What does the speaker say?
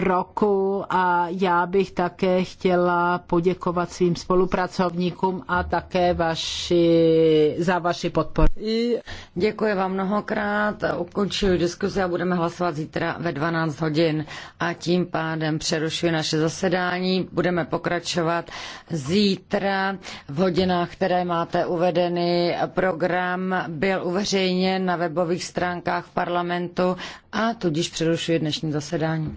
roku a já bych také chtěla poděkovat svým spolupracovníkům a také vaši, za vaši podporu. Děkuji vám mnohokrát, ukončuji diskuzi a budeme hlasovat zítra ve 12 hodin a tím pádem přerušuji naše zasedání. Budeme pokračovat zítra v hodinách, které máte uvedeny. Program byl uveřejněn na webových stránkách parlamentu a tudíž přerušuji dnešní zasedání.